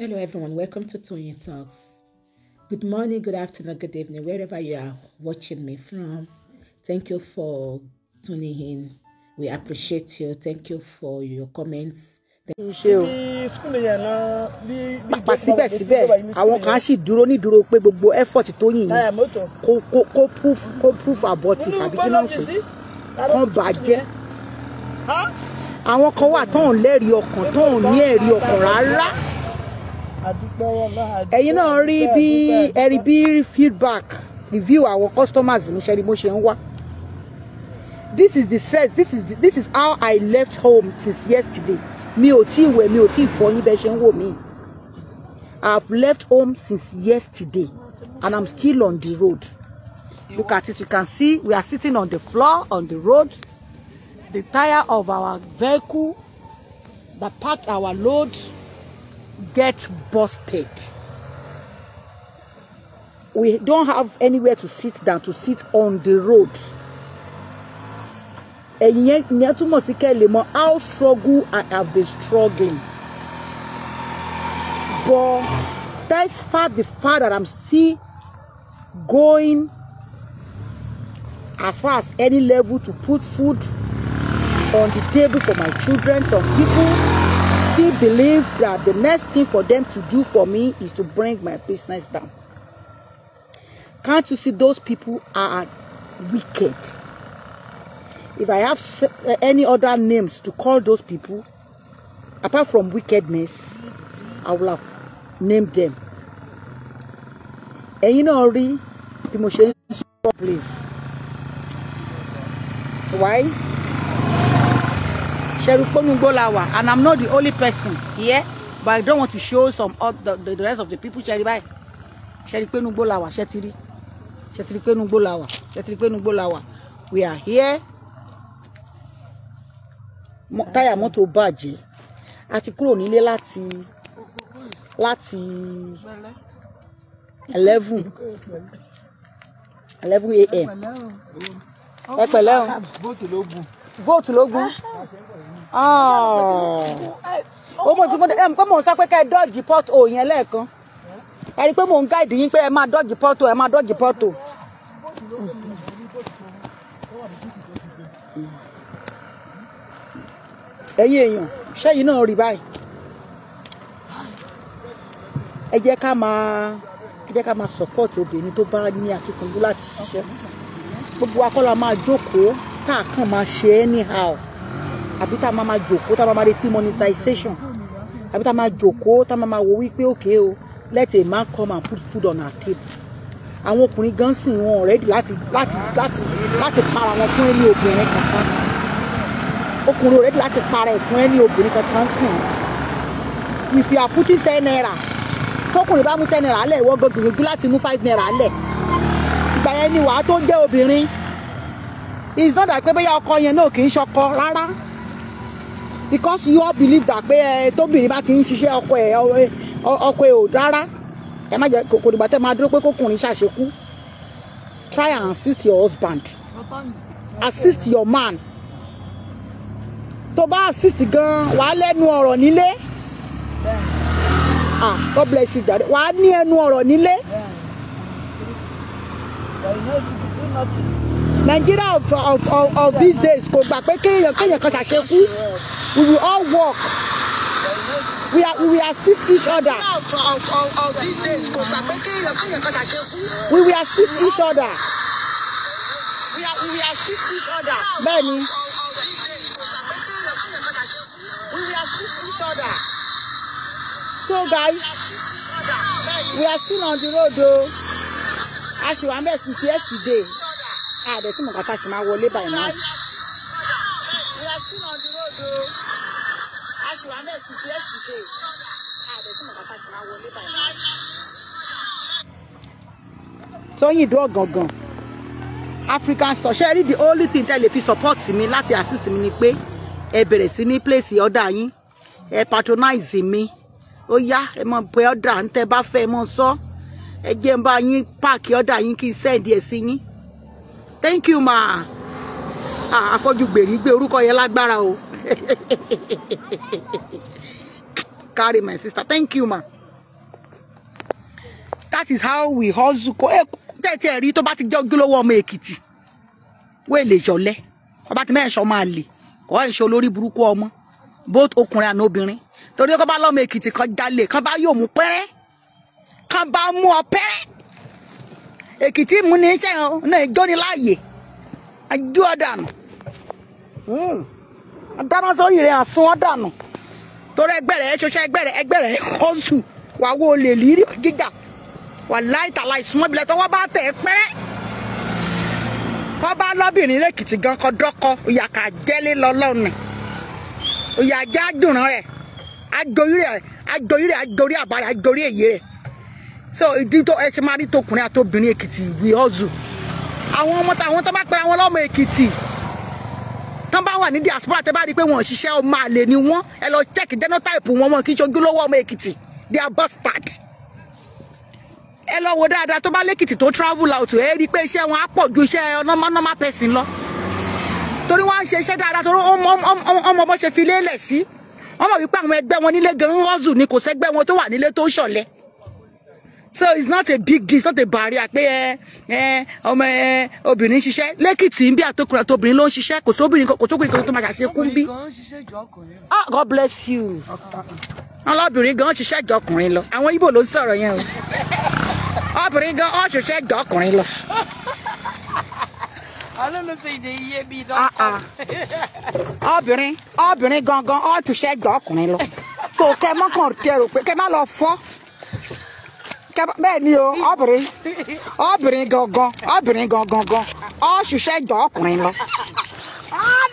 Hello, everyone. Welcome to Tony Talks. Good morning, good afternoon, good evening, wherever you are watching me from. Thank you for tuning in. We appreciate you. Thank you for your comments. ṣe o pàpà síbẹ̀síbẹ̀ àwọn kan á duro ni duro pe pé gbogbo effort to tó Ko ko ko proof ko proof abortive àbí kí náà pé kán bàjẹ́ àwọn kan wà tó ń lẹ́rìí ọkàn tó ń ní ẹ̀rí ẹ̀yin náà rí bí ẹ rí bí feedback review àwọn customers mi ṣe ni mo ṣe ń wá this is the stress this is the, this is how I left home since yesterday mi ò tí ì wẹ̀ mi ò tí ì fọyín bẹ́ẹ̀ ṣe ń wò mí I have left home since yesterday and I'm still on the road look at it you can see we are sitting on the floor on the road the tire of our vehicle that packed our load get busted. We don't have anywhere to sit down to sit on the road. Ẹ̀yin yẹn ìyẹn túmọ̀ sí kẹ́ how struggle I have been struggling. But that's far the far that I'm still going as far as any level to put food on the table for my children, some people still believe that the next thing for them to do for me is to bring my business down. Can't you see those people are wicked? If I have eh, any other names to call those people, apart from wickedness, I will have named them. And you know already, mo please. Why? ṣẹ́rí pónúgbó la wà and i'm not the only person here but i don't want to show some of the, the, the rest of the people ṣẹ́rí báyìí ṣẹ́rí pónúgbó la wà ṣẹ́tìrí ṣẹ́tìrí pónúgbó la wà ṣẹ́tìrí pónúgbó la we are here Taya moto baji. a ti kúrò Lati. láti eleven eleven a.m. ẹ pẹ̀lẹ́ góòtù ló ah ó mọ̀ tí mo ẹ̀ pé mò ń sọ pé ká ẹ dọ́ọ̀jì pọ́tò yẹn lẹ́ẹ̀kan ẹ rí i pé mò ń gáìdì yín pé ẹ máa dọ́ọ̀jì pọ́tò ẹ máa dọ́ọ̀jì pọ́tò. ẹ̀yin èèyàn ṣẹ́yìn náà rí báyìí ẹ jẹ́ ká máa ẹ jẹ́ ká máa support obìnrin tó bá ní akíkanjú láti ṣiṣẹ́ gbogbo akọ́lá máa jókòó tá a kàn máa ṣe anyhow àbí tá a máa máa jòkó tá a máa máa retí monetization àbí tá a máa jòkó tá a máa máa wo wípé òkè o let a man come and put food on our table àwọn ọkùnrin gan sìn wọn ọ̀rẹ́dì láti láti láti láti para wọn fún ẹni obìnrin kankan ọkùnrin ọ̀rẹ́dì láti para ẹ̀ fún ẹni obìnrin kankan sìn if you are putting ten naira tọkùnrin bá mú ten naira lẹ̀ wọ́n gbọ́dọ̀ gbìyànjú láti mú five naira lẹ̀ ìgbà yẹn ni wàá tó jẹ́ obìnrin it's not that pé bóyá ọkọ yẹn náà kì í ṣọkọ rárá because you all believe that pé ẹ eh, tóbìnrin bá ti ń ṣiṣẹ́ ọkọ ẹ eh, ọkọ ẹ ò rárá ẹ má jẹ kòkòrò ìgbà tẹ máa dúró pé kókùnrin ṣàṣekú try and assist your husband assist your man tó bá assist gan wàá lẹ́nu ọ̀rọ̀ nílé ah God bless you dad wàá ní ẹnu ọ̀rọ̀ nílé. Nigeria of of of, of these days kò gbà pé kéèyàn kéèyàn kan ṣàṣekú we will all work we are we will assist each other we will assist each other bẹ́ẹ̀ni so guys we are still on the road o a ṣì wà mẹ́sì sí yesterday àdẹ̀tí ah, mọ̀ká tá a ṣe máa wọlé báyìí náà. Tóyìn Ìdó Ọ̀gàngàn African store ṣe rí the only thing tẹ́ lè fi support mi láti assist mi ni pé ẹ bẹ̀rẹ̀ sí ní place ọ̀dà yín ẹ patronize mi ó yá ẹ mọ pé ọ̀dà ń tẹ́ bá fẹ́ ẹ mọ sọ ẹ jẹ́ ń bá yín páàkì ọ̀dà yín kí n send ẹ sí yín thank you ma afọ́jú gbèrí gbé orúkọ yẹn lágbára o carry my sister thank you ma that is how we hustle ko e, tẹ́tí ẹ̀rí tó bá ti jẹ́ ojúlówó ọmọ èkìtì wéè lè yọlẹ́ ọba tí mẹ́ẹ̀ṣọ́ máa lè kọ́ ẹ̀ ṣe olórí burúkú ọmọ both ọkùnrin àná obìnrin torí kọ́ bá lọ́mọ èkìtì kan jalè kan bá yóò mú pẹ́rẹ́ kan bá mú ọ pẹ́rẹ́ èkìtì mú ní iṣẹ́ o náà ìjọ ni láàyè ajó ọ̀dànù hmm. dáná sórí rẹ̀ àsun ọ̀dànù torí ẹgbẹ́ rẹ̀ ṣoṣẹ́ ẹgbẹ́ rẹ̀ ẹgbẹ́ rẹ̀ kọ́sù wàá wo olè lírí gíga wà láìta láì súnmọ́ ibilẹ̀ tọ́wọ́ bá tẹ̀ ẹ́ pẹ́ kọ́ bá lọ́bìnrin lẹ́kìtì gan kọ́ dọ́kọ́ ìyá kà jẹ́lé lọ́lọ́ọ̀nì ìyá jẹ́ àdùnrán rẹ̀ àjòyí rẹ̀ àjòyí rẹ̀ àjòyí àbárẹ̀ àjòyí èyí rẹ̀ so ìdí tó ẹ ṣe máa rí tọkùnrin àtobìnrin èkìtì we all do àwọn ọmọ àwọn tó bá pera wọn lọ́mọ èkìtì tán bá wà ní diaspora tẹ bá rí i pé wọn ò ṣiṣẹ́ ọmọ àlè ni wọ́n ẹ lọ check genotype wọn wọn kì í ṣe ojúlówó ọmọ èkìtì they are bastard ẹ lọ wo dáadáa tó bá lẹ́kìtì tó travel out ẹ rí i pé iṣẹ́ wọn á pọ̀ ju iṣẹ́ normal normal person lọ torí wọ́n á ṣe iṣẹ́ dáadáa torí ọmọ bó ṣe fi lélẹ̀ sí wọ́n wípé àwọn ẹgbẹ́ wọn nílé gan-an rọ́ọ̀zù ni kò sẹ́gbẹ́ wọn tó wà nílé tó ń so it's not a big deal it's not a barrier pé ẹ ẹ ọmọ ẹ obìnrin ṣiṣẹ́ lẹ́kìtì ń bí àtọkùnrin àti obìnrin ló ń ṣiṣẹ́ kò sóbìnrin kò sóbìnrin kan tó máa ṣàṣe kú ń bí. ah God bless you ọlọ́bìnrin gan ṣiṣẹ́ jọ ọkùnrin lọ àwọn Ìgbò ló ń sọ̀rọ̀ yẹn o obìnrin gan ọ ṣiṣẹ́ jọ ọkùnrin lọ. obìnrin obìnrin gangan ọ ṣiṣẹ́ jọ ọkùnrin lọ so kẹ mọ́kàn kẹrò pé kẹ má lọ fọ́ bẹ́ẹ̀ ni o obìnrin obìnrin gangan obìnrin gangan gan ọ ṣiṣẹ́ jọ ọkùnrin lọ. Ah,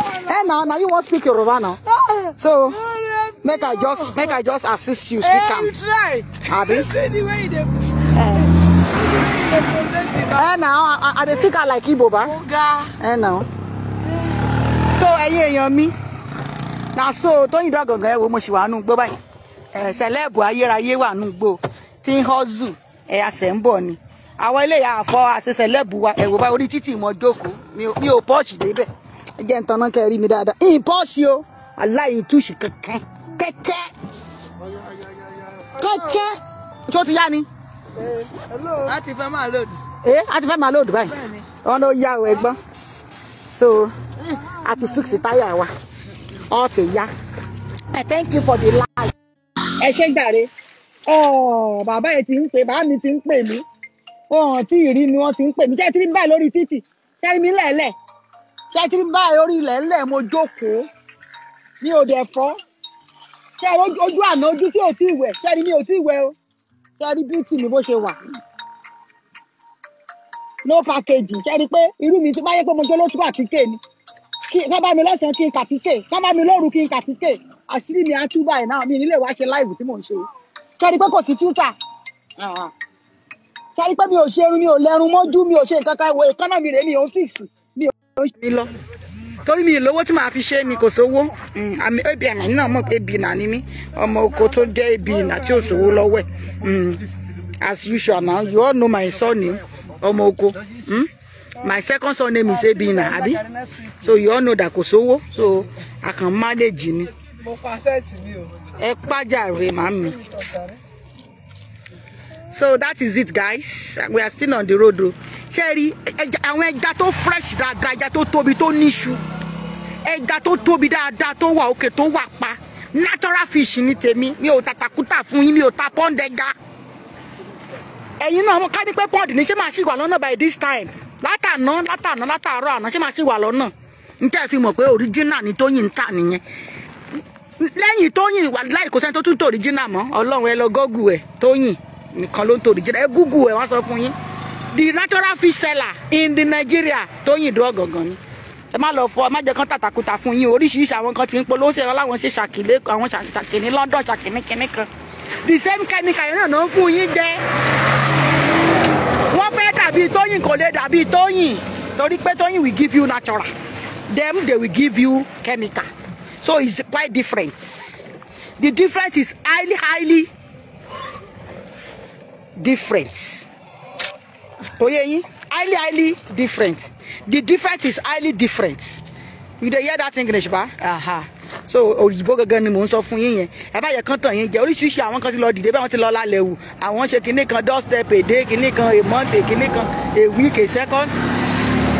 oh, hey now, now you won't speak Yoruba now. Ah. So oh, make I just make I just assist you speak am. Abi. Eh. Hey now, I, I dey speak am like Igbo ba. Hey now. So ẹ̀yin èèyàn mi, na so Tóyìn Dọ́gàngán ẹ wo mo ṣì wà nù gbọ́ báyìí sẹlẹ́bù eh, ayérayé wà nùgbò tí ń họ́zù ẹ̀ eh, àṣẹ ń bọ̀ ni àwọn ilé yà àfọ àṣẹ sẹlẹ́bù wa ẹ̀wò bá orí títì mọ́ jókòó mi ò pọ́ọ̀ṣì débẹ̀ ẹ jẹ́ ń tanná kẹ́ mi dáadáa ìyìn pọ́ọ̀ṣì o aláìtúṣì kankan kẹ́kẹ́ kẹ́kẹ́ tí ó ti yá ni. a ti fẹ́ máa lòdù. ẹ eh, a ti fẹ́ máa lòdù báyìí ọ̀nà ó yá o ẹ̀gbọ́n so a ti fix táyà wa ọ̀ ti yá. Thank you for the ẹ ṣé jàre oh, bàbá ẹ ti ń pè bàbá mi ti ń pè mí ọ̀hún tí ìrí ni wọ́n ti ń pè mí ṣé ti rí mi báyìí lórí títì ṣé rí mi lẹ́lẹ̀ ṣé ti rí mi báyìí lórí ilẹ̀ ńlẹ̀ mo jókòó mi ò dẹ̀ fọ́ ṣé ojú àná ojú tí ò tí ì wẹ̀ ṣé rí mi ò tí ì wẹ̀ o ṣé rí bíútì mi bó ṣe wà no package ṣé rí pé irú mi ti máa yẹ pé mo jẹ́ lóṣù àtìkè ni kán bá mi lọ́sàn kí n kàtíkè kán bá mi lóru kí n kàtíkè àṣírí mi á tú báyìí náà mi nílé ṣe láìbù tí mò ń ṣe sọ́ni pé kò sí fíútà sọ́ni pé mi ò ṣe mi ò lẹ́run mọ́jú mi ò ṣe nǹkan kan wo ìkànnà mi mi ò mi ò lọ torí mi ìlówó tí màá fi ṣe mi kò sówó mm, àmì náà mọ̀ pé ebi ni mí ọmọ oko tó jẹ́ ebi nà tí ò sówó lọ́wọ́ mm, as you all mm. my second son name is Ebina abi so you all know that kò so I can manage him. so that is it guys we are still on the road o. ṣé rí àwọn ẹja tó fresh dáadáa ẹja tó tóbi tó níṣu ẹja tó tóbi dáadáa that wà òkè tó to pa natural fish ni tèmi me. ò tàtàkùtà fún yín mi ò ta pọ́ńdẹ́ja ẹ̀yin náà mo ká ní pé pọ́ọ̀dù ní ṣé màá ṣì wà lọ́nà by this time látàná látàná látàárọ̀ àná ṣé máa ṣì wà lọ́nà níta fi mọ̀ pé òríjínà ni Tóyìn ń tà nìyẹn lẹ́yìn Tóyìn wà láì kò sẹ́ni tó tún tòríjínà mọ́ ọlọ́run ẹ lọ gọ́gù ẹ̀ Tóyìn nìkan ló ń tòríjínà ẹ gúgù ẹ̀ wọ́n sọ fún yín the natural fish seller in the Nigeria Tóyìn dúró gangan ni ẹ má lọ fọ ẹ má jẹ kán tàtàkùtà fún yín oríṣiríṣi àwọn kan ti ń polówó ṣe ọláwọn ṣe ṣàkìlẹ àwọn ṣàkìní London ṣàkìní kìnní kan the same chemical yẹn náà ló ń fún yín jẹ wọ́n fẹ́ dàbí tóyìn kò lè dàbí tóyìn torí pé tóyìn will give you natural them they will give you chemical so it's quite different the difference is highly highly different tó yé yín highly highly different the difference is highly different you dey hear that english ba. Uh -huh so òyìnbó gangan ni mò ń sọ fún yín yẹn àbáyẹ kan tàn yín jẹ oríṣiríṣi àwọn kan ti lọ dìde báwọn ti lọ lálẹ́ wù àwọn ṣe kinní kan doorstep èdè kinní kan a month kinní kan a week a seconds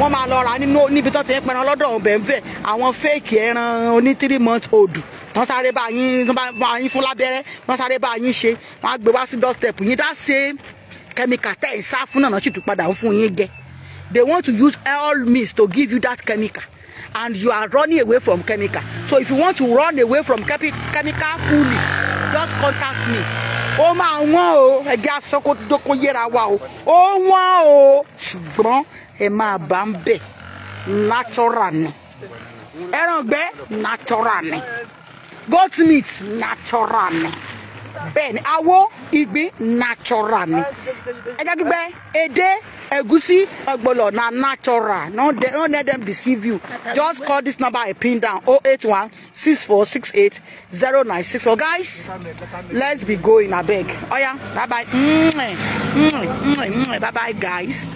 wọ́n máa lọ rà nínú níbi tó ti ń pẹran lọ́dọ̀ ọ̀hún bẹ́ẹ̀ àwọn fake ẹran oní three months old tán sáré bá yín bá yín fún lábẹ́rẹ́ tán sáré bá yín ṣe wọ́n á gbé wá sí doorstep yín dá ṣe kẹ́míkà tẹ̀ ń sá fún náà náà sì tún padà fún yín jẹ they want to use all means to give you that chemical and you are running away from chemical so if you want to run away from chemical fully just contact me ó máa wọ́n o ẹja sọ́kòdókò yẹra wa o ó wọ́n o ṣùgbọ́n ẹ máa bá ń bẹ̀ natural ni ẹrangbẹ́ natural ni goat meat natural ni bẹ́ẹ̀ ni awó ìgbín natural ni ẹja gbígbẹ́ edé. Egusi Ogbolo na natural. Don't, de- don't let them deceive you. Just call this number I pin down 081 6468 096. So, guys, let's be going. I beg. Oh, yeah. Bye bye. Bye bye, guys.